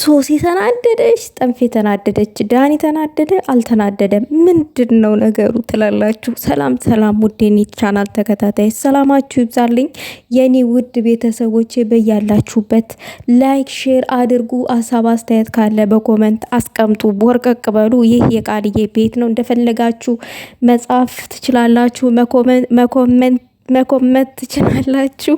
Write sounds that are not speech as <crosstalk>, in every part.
ሶሲ ተናደደች፣ ጠንፌ ተናደደች፣ ዳኒ ተናደደ፣ አልተናደደም። ምንድን ነው ነገሩ ትላላችሁ? ሰላም ሰላም፣ ውድ ቻናል ተከታታይ ሰላማችሁ ይብዛልኝ። የኔ ውድ ቤተሰቦቼ በያላችሁበት ላይክ፣ ሼር አድርጉ። አሳብ አስተያየት ካለ በኮመንት አስቀምጡ። ቦርቀቅ በሉ። ይህ የቃልዬ ቤት ነው። እንደፈለጋችሁ መጻፍ ትችላላችሁ መኮመንት መኮመት ትችላላችሁ።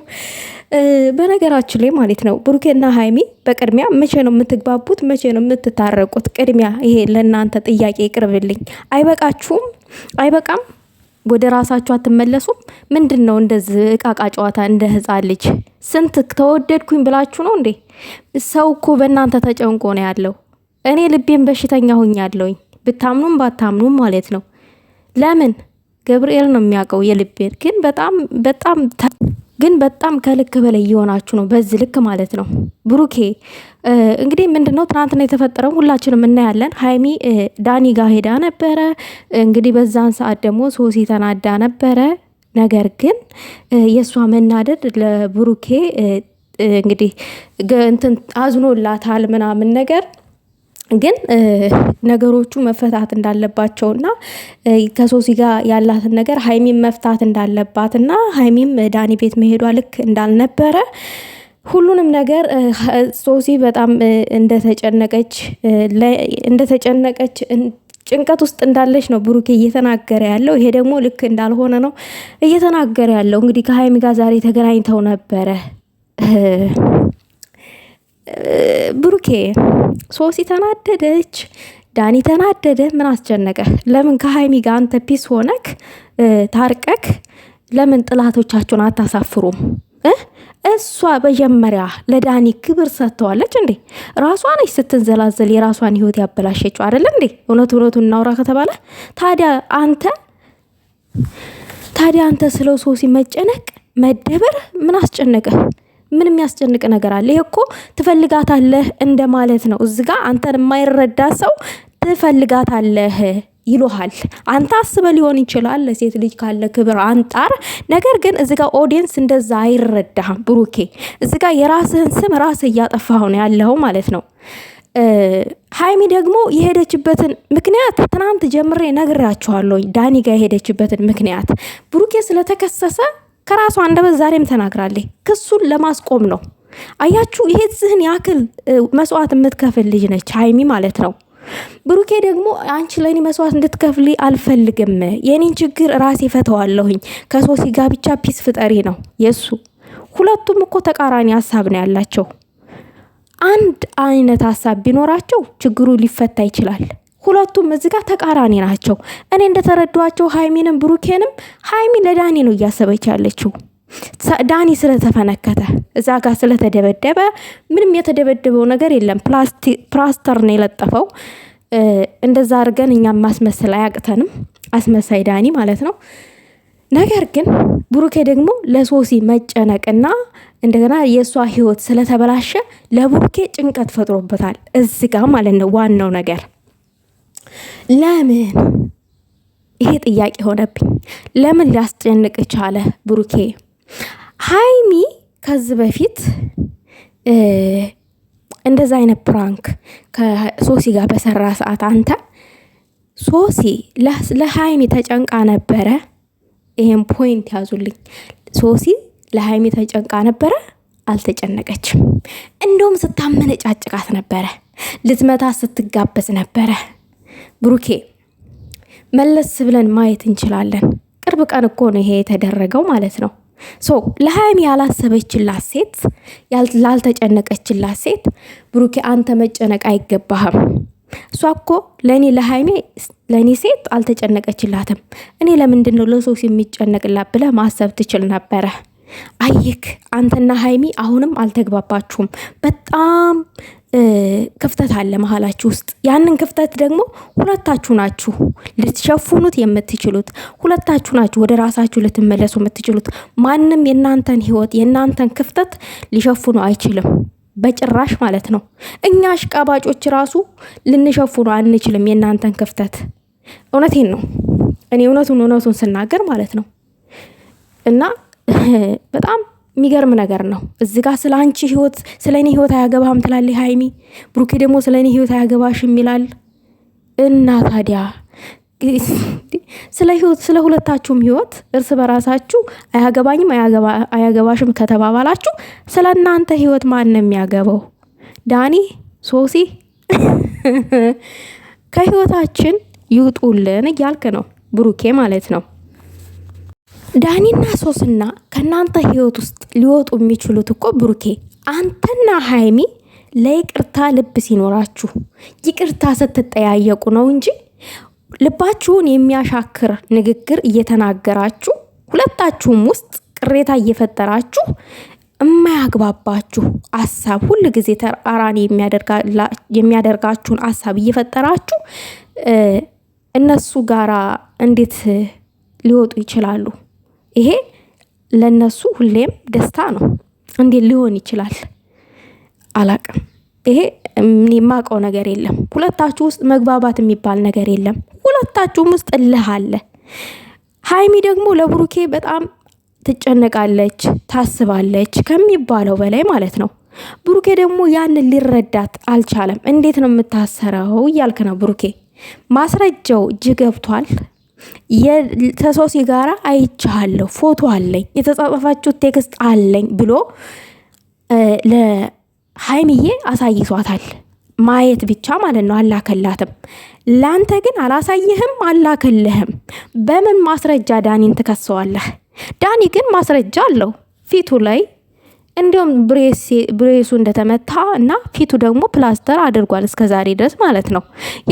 በነገራችን ላይ ማለት ነው ብሩኬና ሀይሚ በቅድሚያ መቼ ነው የምትግባቡት? መቼ ነው የምትታረቁት? ቅድሚያ ይሄ ለእናንተ ጥያቄ ይቅርብልኝ። አይበቃችሁም? አይበቃም? ወደ ራሳችሁ አትመለሱም? ምንድን ነው እንደዚህ እቃቃ ጨዋታ እንደ ህፃን ልጅ? ስንት ተወደድኩኝ ብላችሁ ነው እንዴ? ሰው እኮ በእናንተ ተጨንቆ ነው ያለው። እኔ ልቤን በሽተኛ ሁኛለውኝ፣ ብታምኑም ባታምኑም ማለት ነው ለምን ገብርኤል ነው የሚያውቀው የልቤን ግን በጣም በጣም ግን በጣም ከልክ በላይ እየሆናችሁ ነው፣ በዚህ ልክ ማለት ነው። ብሩኬ እንግዲህ ምንድን ነው ትናንትና የተፈጠረው ሁላችንም እናያለን። ሀይሚ ዳኒ ጋር ሄዳ ነበረ። እንግዲህ በዛን ሰዓት ደግሞ ሶሲ ተናዳ ነበረ። ነገር ግን የእሷ መናደድ ለብሩኬ እንግዲህ እንትን አዝኖላታል ምናምን ነገር ግን ነገሮቹ መፈታት እንዳለባቸውና ከሶሲ ጋር ያላትን ነገር ሀይሚም መፍታት እንዳለባት እና ሀይሚም ዳኒ ቤት መሄዷ ልክ እንዳልነበረ ሁሉንም ነገር ሶሲ በጣም እንደተጨነቀች እንደተጨነቀች ጭንቀት ውስጥ እንዳለች ነው ብሩኬ እየተናገረ ያለው። ይሄ ደግሞ ልክ እንዳልሆነ ነው እየተናገረ ያለው። እንግዲህ ከሀይሚ ጋር ዛሬ ተገናኝተው ነበረ። ብሩኬ ሶሲ ተናደደች፣ ዳኒ ተናደደ። ምን አስጨነቀ? ለምን ከሀይሚ ጋር አንተ ፒስ ሆነክ ታርቀክ ለምን ጥላቶቻችሁን አታሳፍሩም? እሷ መጀመሪያ ለዳኒ ክብር ሰጥተዋለች እንዴ? ራሷ ነች ስትንዘላዘል የራሷን ህይወት ያበላሸችው አይደለ እንዴ? እውነት እውነቱ እናውራ ከተባለ ታዲያ አንተ ታዲያ አንተ ስለ ሶሲ መጨነቅ መደበር ምን አስጨነቀ? ምን የሚያስጨንቅ ነገር አለ? ይሄ እኮ ትፈልጋታለህ እንደማለት ነው። እዚ ጋ አንተን የማይረዳ ሰው ትፈልጋታለህ ይሉሃል። አንተ አስበ ሊሆን ይችላል ለሴት ልጅ ካለ ክብር አንጣር። ነገር ግን እዚ ጋ ኦዲየንስ እንደዛ አይረዳህም ብሩኬ። እዚ ጋ የራስህን ስም ራስህ እያጠፋህ ነው ያለው ማለት ነው። ሀይሚ ደግሞ የሄደችበትን ምክንያት ትናንት ጀምሬ ነግራችኋለሁ። ዳኒ ጋ የሄደችበትን ምክንያት ብሩኬ ስለተከሰሰ ከራሷ አንደበት ዛሬም ተናግራለች። ክሱን ለማስቆም ነው። አያችሁ፣ ይሄዝህን ያክል መስዋዕት የምትከፍል ልጅ ነች ሀይሚ ማለት ነው። ብሩኬ ደግሞ አንቺ ለእኔ መስዋዕት እንድትከፍል አልፈልግም፣ የኔን ችግር ራሴ ፈተዋለሁኝ፣ ከሶሲ ጋር ብቻ ፒስ ፍጠሪ ነው የእሱ። ሁለቱም እኮ ተቃራኒ ሀሳብ ነው ያላቸው። አንድ አይነት ሀሳብ ቢኖራቸው ችግሩ ሊፈታ ይችላል። ሁለቱም እዚህ ጋር ተቃራኒ ናቸው። እኔ እንደተረዷቸው ሀይሚንም ብሩኬንም ሀይሚ ለዳኒ ነው እያሰበች ያለችው። ዳኒ ስለተፈነከተ እዛ ጋር ስለተደበደበ ምንም የተደበደበው ነገር የለም። ፕላስተር ነው የለጠፈው። እንደዛ አድርገን እኛም ማስመሰል አያቅተንም። አስመሳይ ዳኒ ማለት ነው። ነገር ግን ብሩኬ ደግሞ ለሶሲ መጨነቅና እንደገና የእሷ ህይወት ስለተበላሸ ለብሩኬ ጭንቀት ፈጥሮበታል። እዚህ ጋ ማለት ነው ዋናው ነገር። ለምን ይሄ ጥያቄ ሆነብኝ። ለምን ሊያስጨንቅ ቻለ ብሩኬ? ሀይሚ ከዚህ በፊት እንደዛ አይነት ፕራንክ ከሶሲ ጋር በሰራ ሰዓት አንተ ሶሲ ለሀይሚ ተጨንቃ ነበረ። ይሄን ፖይንት ያዙልኝ። ሶሲ ለሀይሚ ተጨንቃ ነበረ፣ አልተጨነቀችም። እንደውም ስታመነጫጭቃት ነበረ፣ ልትመታት ስትጋበዝ ነበረ። ብሩኬ መለስ ብለን ማየት እንችላለን። ቅርብ ቀን እኮ ነው ይሄ የተደረገው ማለት ነው። ሶ ለሀይሚ ያላሰበችላት ሴት ላልተጨነቀችላት ሴት ብሩኬ አንተ መጨነቅ አይገባህም። እሷ እኮ ለእኔ ለሀይሜ ለእኔ ሴት አልተጨነቀችላትም። እኔ ለምንድን ነው ለሶስ የሚጨነቅላት ብለህ ማሰብ ትችል ነበረ። አይክ አንተና ሀይሚ አሁንም አልተግባባችሁም በጣም ክፍተት አለ መሀላችሁ ውስጥ። ያንን ክፍተት ደግሞ ሁለታችሁ ናችሁ ልትሸፍኑት የምትችሉት፣ ሁለታችሁ ናችሁ ወደ ራሳችሁ ልትመለሱ የምትችሉት። ማንም የእናንተን ህይወት የእናንተን ክፍተት ሊሸፍኑ አይችልም በጭራሽ ማለት ነው። እኛ አሽቃባጮች ራሱ ልንሸፍኑ አንችልም የእናንተን ክፍተት። እውነቴን ነው። እኔ እውነቱን እውነቱን ስናገር ማለት ነው እና <laughs> በጣም የሚገርም ነገር ነው። እዚ ጋር ስለ አንቺ ህይወት ስለ እኔ ህይወት አያገባህም ትላለች ሀይሚ። ብሩኬ ደግሞ ስለ እኔ ህይወት አያገባሽም ይላል። እና ታዲያ ስለ ህይወት ስለ ሁለታችሁም ህይወት እርስ በራሳችሁ አያገባኝም አያገባሽም ከተባባላችሁ ስለ እናንተ ህይወት ማን ነው የሚያገበው? ዳኒ ሶሲ <laughs> ከህይወታችን ይውጡልን እያልክ ነው ብሩኬ ማለት ነው። ዳኒና ሶስና ከእናንተ ህይወት ውስጥ ሊወጡ የሚችሉት እኮ ብሩኬ፣ አንተና ሀይሚ ለይቅርታ ልብ ሲኖራችሁ ይቅርታ ስትጠያየቁ ነው እንጂ ልባችሁን የሚያሻክር ንግግር እየተናገራችሁ ሁለታችሁም ውስጥ ቅሬታ እየፈጠራችሁ የማያግባባችሁ አሳብ ሁል ጊዜ ተቃራኒ የሚያደርጋችሁን አሳብ እየፈጠራችሁ እነሱ ጋራ እንዴት ሊወጡ ይችላሉ? ይሄ ለነሱ ሁሌም ደስታ ነው። እንዴት ሊሆን ይችላል? አላቅም። ይሄ እኔ የማውቀው ነገር የለም። ሁለታችሁ ውስጥ መግባባት የሚባል ነገር የለም። ሁለታችሁም ውስጥ እልህ አለ። ሀይሚ ደግሞ ለብሩኬ በጣም ትጨነቃለች፣ ታስባለች ከሚባለው በላይ ማለት ነው። ብሩኬ ደግሞ ያንን ሊረዳት አልቻለም። እንዴት ነው የምታሰረው እያልክ ነው ብሩኬ። ማስረጃው እጅ ገብቷል። ከሶሲ ጋራ አይቻለሁ፣ ፎቶ አለኝ፣ የተጻጻፋችሁ ቴክስት አለኝ ብሎ ለሀይሚዬ አሳይሷታል። ማየት ብቻ ማለት ነው። አላከላትም። ለአንተ ግን አላሳይህም፣ አላከልህም። በምን ማስረጃ ዳኒን ትከሰዋለህ? ዳኒ ግን ማስረጃ አለው ፊቱ ላይ እንዲሁም ብሬሱ እንደተመታ እና ፊቱ ደግሞ ፕላስተር አድርጓል እስከ ዛሬ ድረስ ማለት ነው።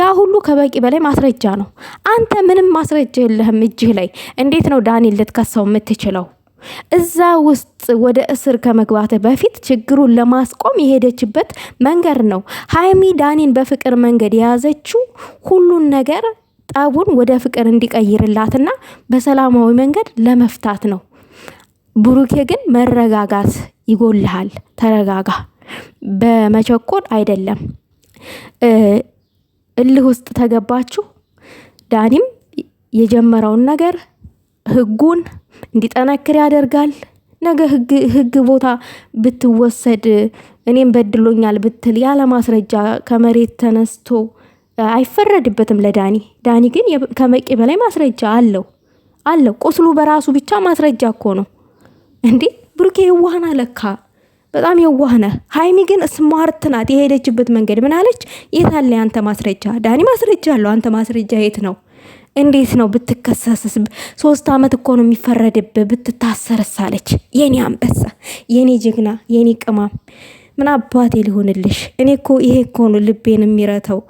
ያ ሁሉ ከበቂ በላይ ማስረጃ ነው። አንተ ምንም ማስረጃ የለህም እጅህ ላይ። እንዴት ነው ዳኒ ልትከሰው የምትችለው? እዛ ውስጥ ወደ እስር ከመግባት በፊት ችግሩን ለማስቆም የሄደችበት መንገድ ነው። ሀይሚ ዳኒን በፍቅር መንገድ የያዘችው ሁሉን ነገር ጠቡን ወደ ፍቅር እንዲቀይርላትና በሰላማዊ መንገድ ለመፍታት ነው። ብሩኬ ግን መረጋጋት ይጎልሃል። ተረጋጋ። በመቸኮል አይደለም። እልህ ውስጥ ተገባችሁ። ዳኒም የጀመረውን ነገር ህጉን እንዲጠነክር ያደርጋል። ነገ ህግ ቦታ ብትወሰድ እኔም በድሎኛል ብትል ያለ ማስረጃ ከመሬት ተነስቶ አይፈረድበትም ለዳኒ። ዳኒ ግን ከበቂ በላይ ማስረጃ አለው አለው። ቁስሉ በራሱ ብቻ ማስረጃ እኮ ነው እንዴ! ብሩኬ የዋህና ለካ በጣም የዋህነ። ሀይሚ ግን ስማርት ናት። የሄደችበት መንገድ ምን አለች? የት አለ አንተ ማስረጃ ዳኒ? ማስረጃ አለው። አንተ ማስረጃ የት ነው? እንዴት ነው ብትከሰስስ? ሶስት አመት እኮ ነው የሚፈረድብህ። ብትታሰርስ አለች። የኔ አንበሳ፣ የኔ ጀግና፣ የኔ ቅማም ምን አባቴ ሊሆንልሽ? እኔ እኮ ይሄ እኮ ነው ልቤን የሚረተው።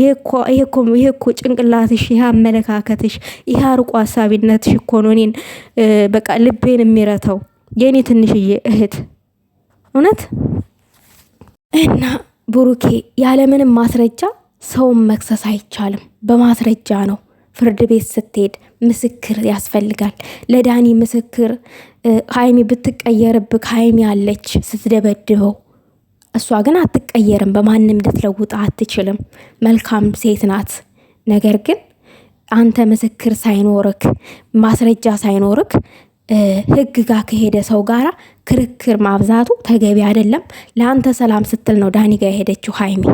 ይሄ እኮ ጭንቅላትሽ፣ ይህ አመለካከትሽ፣ ይህ አርቆ ሀሳቢነትሽ እኮ ነው እኔን በቃ ልቤን የሚረተው። የእኔ ትንሽዬ እህት እውነት እና ብሩኬ ያለምንም ማስረጃ ሰውን መክሰስ አይቻልም። በማስረጃ ነው። ፍርድ ቤት ስትሄድ ምስክር ያስፈልጋል። ለዳኒ ምስክር ሀይሚ ብትቀየርብክ ሀይሚ አለች ስትደበድበው፣ እሷ ግን አትቀየርም። በማንም ልትለውጣ አትችልም። መልካም ሴት ናት። ነገር ግን አንተ ምስክር ሳይኖርክ ማስረጃ ሳይኖርክ ህግ ጋር ከሄደ ሰው ጋራ ክርክር ማብዛቱ ተገቢ አይደለም። ለአንተ ሰላም ስትል ነው ዳኒ ጋር የሄደችው ሀይሚ።